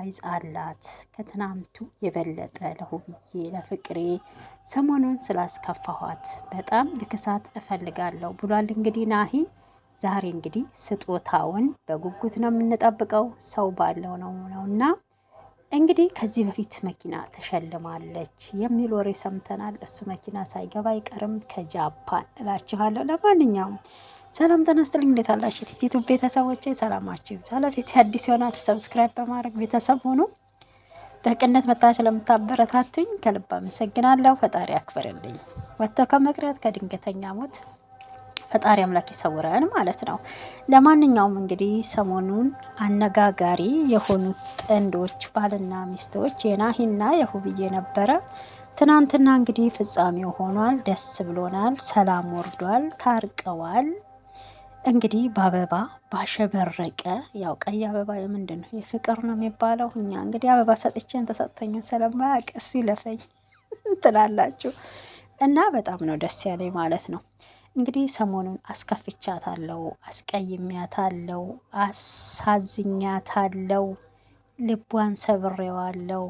ሰርፕራይዝ አላት። ከትናንቱ የበለጠ ለሁብዬ ለፍቅሬ ሰሞኑን ስላስከፋኋት በጣም ልክሳት እፈልጋለሁ ብሏል። እንግዲህ ናሂ ዛሬ እንግዲህ ስጦታውን በጉጉት ነው የምንጠብቀው። ሰው ባለው ነው እና እንግዲህ ከዚህ በፊት መኪና ተሸልማለች የሚል ወሬ ሰምተናል። እሱ መኪና ሳይገባ አይቀርም ከጃፓን እላችኋለሁ። ለማንኛውም ሰላም ጤና ይስጥልኝ። እንዴት አላችሁ ቲቲቱ ቤተሰቦቼ? ሰላማችሁ ይብዛ። ለቤት አዲስ የሆናችሁ ሰብስክራይብ በማድረግ ቤተሰብ ሁኑ። በቅነት መታች ለምታበረታቱኝ ከልብ አመሰግናለሁ። ፈጣሪ አክብርልኝ። ወጥቶ ከመቅረት ከድንገተኛ ሞት ፈጣሪ አምላክ ይሰውረን ማለት ነው። ለማንኛውም እንግዲህ ሰሞኑን አነጋጋሪ የሆኑት ጥንዶች ባልና ሚስቶች የናሂና የሁብዬ ነበረ። ትናንትና እንግዲህ ፍጻሜው ሆኗል። ደስ ብሎናል። ሰላም ወርዷል። ታርቀዋል። እንግዲህ በአበባ ባሸበረቀ ያው ቀይ አበባ የምንድን ነው የፍቅር ነው የሚባለው። እኛ እንግዲህ አበባ ሰጥቼን ተሰጠኝን ስለማያውቅ እሱ ይለፈኝ ትላላችሁ እና በጣም ነው ደስ ያለኝ ማለት ነው። እንግዲህ ሰሞኑን አስከፍቻታለሁ፣ አስቀይሜያታለሁ፣ አሳዝኛታለሁ፣ ልቧን ሰብሬዋለው።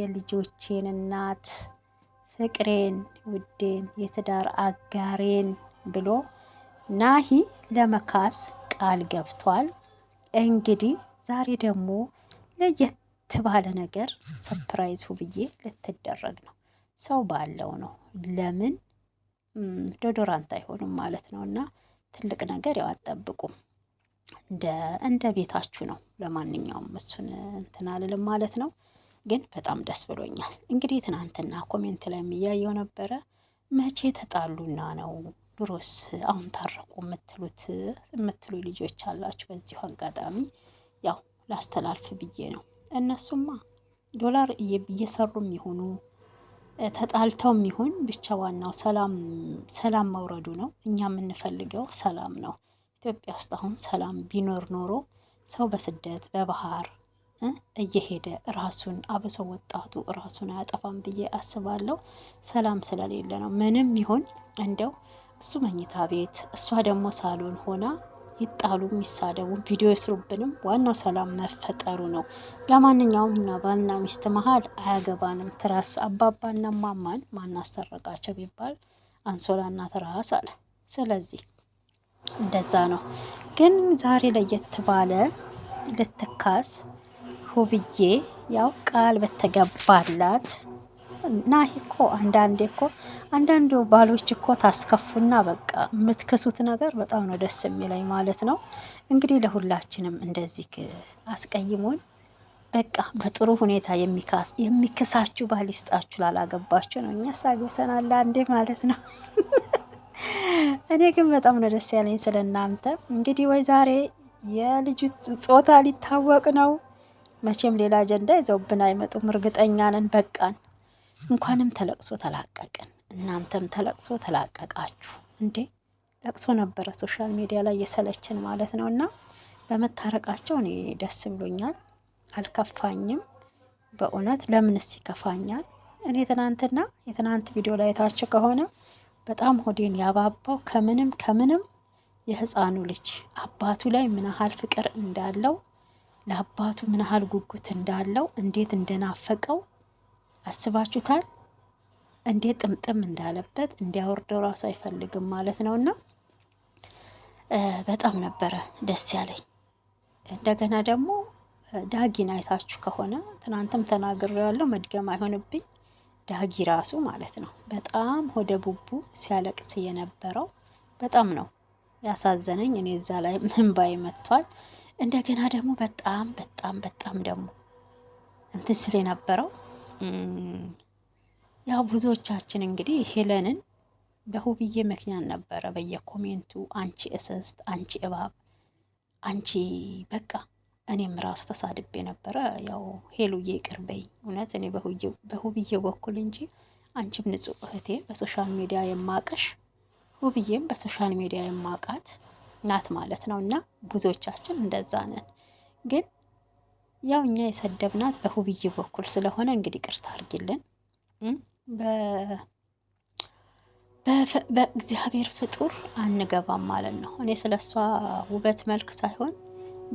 የልጆቼን እናት ፍቅሬን፣ ውዴን፣ የትዳር አጋሬን ብሎ ናሂ ለመካስ ቃል ገብቷል። እንግዲህ ዛሬ ደግሞ ለየት ባለ ነገር ሰፕራይዝ ሁብዬ ልትደረግ ነው። ሰው ባለው ነው ለምን ዶዶራንት አይሆንም ማለት ነው። እና ትልቅ ነገር ያው አትጠብቁም፣ እንደ ቤታችሁ ነው። ለማንኛውም እሱን እንትን አልልም ማለት ነው። ግን በጣም ደስ ብሎኛል። እንግዲህ ትናንትና ኮሜንት ላይ የሚያየው ነበረ መቼ ተጣሉና ነው ብሮስ አሁን ታረቁ የምትሉት የምትሉ ልጆች አላችሁ። በዚሁ አጋጣሚ ያው ላስተላልፍ ብዬ ነው። እነሱማ ዶላር እየሰሩም ይሆኑ ተጣልተውም ይሁን ብቻ ዋናው ሰላም ሰላም መውረዱ ነው። እኛ የምንፈልገው ሰላም ነው። ኢትዮጵያ ውስጥ አሁን ሰላም ቢኖር ኖሮ ሰው በስደት በባህር እየሄደ ራሱን አብሶ ወጣቱ ራሱን አያጠፋም ብዬ አስባለሁ። ሰላም ስለሌለ ነው ምንም ይሁን እንደው እሱ መኝታ ቤት፣ እሷ ደግሞ ሳሎን ሆና ይጣሉም ይሳደቡም ቪዲዮ ይስሩብንም ዋናው ሰላም መፈጠሩ ነው። ለማንኛውም እኛ ባልና ሚስት መሀል አያገባንም። ትራስ አባባና ማማን ማናስተረቃቸው ቢባል አንሶላና ትራስ አለ። ስለዚህ እንደዛ ነው። ግን ዛሬ ለየት ባለ ልትካስ ሁብዬ ያው ቃል በተገባላት ናሂ እኮ አንዳንዴ እኮ አንዳንዱ ባሎች እኮ ታስከፉና በቃ የምትክሱት ነገር በጣም ነው ደስ የሚለኝ ማለት ነው። እንግዲህ ለሁላችንም እንደዚህ አስቀይሞን በቃ በጥሩ ሁኔታ የሚክሳችሁ ባል ይስጣችሁ። ላላገባችሁ ነው እኛ ሳግብተናል አንዴ ማለት ነው። እኔ ግን በጣም ነው ደስ ያለኝ ስለ እናንተ። እንግዲህ ወይ ዛሬ የልጁ ጾታ ሊታወቅ ነው። መቼም ሌላ አጀንዳ ይዘውብን አይመጡም፣ እርግጠኛ ነን። በቃን። እንኳንም ተለቅሶ ተላቀቅን፣ እናንተም ተለቅሶ ተላቀቃችሁ። እንዴ ለቅሶ ነበረ ሶሻል ሚዲያ ላይ የሰለችን ማለት ነው። እና በመታረቃቸው እኔ ደስ ብሎኛል፣ አልከፋኝም። በእውነት ለምንስ ይከፋኛል? እኔ ትናንትና የትናንት ቪዲዮ ላይ የታቸው ከሆነ በጣም ሆዴን ያባባው ከምንም ከምንም የህፃኑ ልጅ አባቱ ላይ ምን ያህል ፍቅር እንዳለው ለአባቱ ምን ያህል ጉጉት እንዳለው እንዴት እንደናፈቀው አስባችሁታል? እንዴት ጥምጥም እንዳለበት እንዲያወርደው ራሱ አይፈልግም ማለት ነው። እና በጣም ነበረ ደስ ያለኝ። እንደገና ደግሞ ዳጊን አይታችሁ ከሆነ ትናንትም ተናግሬያለሁ፣ መድገም አይሆንብኝ። ዳጊ ራሱ ማለት ነው በጣም ሆደ ቡቡ ሲያለቅስ የነበረው በጣም ነው ያሳዘነኝ። እኔ እዛ ላይ ምንባይ መጥቷል። እንደገና ደግሞ በጣም በጣም በጣም ደግሞ እንትን ስል የነበረው ያው ብዙዎቻችን እንግዲህ ሄለንን በሁብዬ ምክንያት ነበረ በየኮሜንቱ አንቺ እስስት፣ አንቺ እባብ፣ አንቺ በቃ እኔም ራሱ ተሳድቤ ነበረ። ያው ሄሉዬ ቅርበኝ እውነት እኔ በሁብዬ በኩል እንጂ አንቺም ንጹሕ እህቴ በሶሻል ሚዲያ የማቀሽ ሁብዬም በሶሻል ሚዲያ የማቃት ናት ማለት ነው። እና ብዙዎቻችን እንደዛ ነን ግን ያው እኛ የሰደብናት በሁብዬ በኩል ስለሆነ እንግዲህ ቅርታ አድርጊልን። በእግዚአብሔር ፍጡር አንገባም ማለት ነው። እኔ ስለ እሷ ውበት መልክ ሳይሆን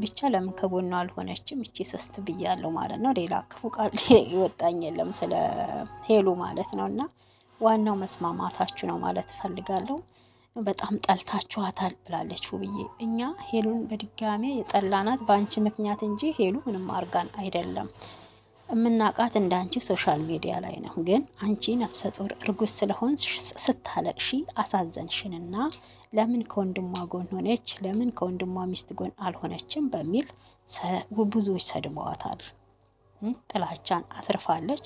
ብቻ ለምን ከጎኗ አልሆነችም እቺ ስስት ብያለሁ ማለት ነው። ሌላ ክፉ ቃል ይወጣኝ የለም ስለ ሄሉ ማለት ነው። እና ዋናው መስማማታችሁ ነው ማለት እፈልጋለሁ። በጣም ጠልታችኋታል ብላለች ውብዬ። እኛ ሄሉን በድጋሜ የጠላናት በአንቺ ምክንያት እንጂ ሄሉ ምንም አርጋን አይደለም። እምናቃት እንዳንቺ ሶሻል ሚዲያ ላይ ነው። ግን አንቺ ነፍሰ ጡር እርጉዝ ስለሆን ስታለቅሺ አሳዘንሽንና ለምን ከወንድሟ ጎን ሆነች፣ ለምን ከወንድሟ ሚስት ጎን አልሆነችም በሚል ብዙዎች ሰድበዋታል። ጥላቻን አትርፋለች።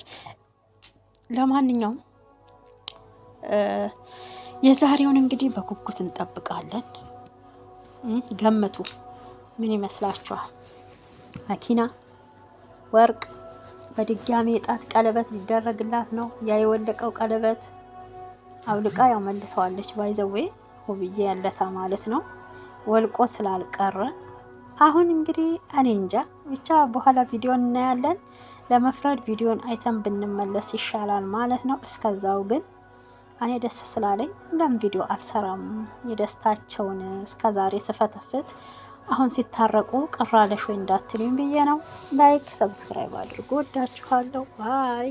ለማንኛውም የዛሬውን እንግዲህ በጉጉት እንጠብቃለን። ገምቱ፣ ምን ይመስላችኋል? መኪና፣ ወርቅ፣ በድጋሚ የጣት ቀለበት ሊደረግላት ነው። ያ የወለቀው ቀለበት አውልቃ ያው መልሰዋለች። ባይዘዌ ውብዬ ያለታ ማለት ነው ወልቆ ስላልቀረ አሁን እንግዲህ እኔ እንጃ ብቻ በኋላ ቪዲዮን እናያለን። ለመፍረድ ቪዲዮን አይተን ብንመለስ ይሻላል ማለት ነው። እስከዛው ግን እኔ ደስ ስላለኝ ለም ቪዲዮ አልሰራም? የደስታቸውን እስከዛሬ ስፈተፍት አሁን ሲታረቁ ቅር ወይ እንዳትሉኝ ብዬ ነው። ላይክ ሰብስክራይብ አድርጎ ወዳችኋለሁ። ባይ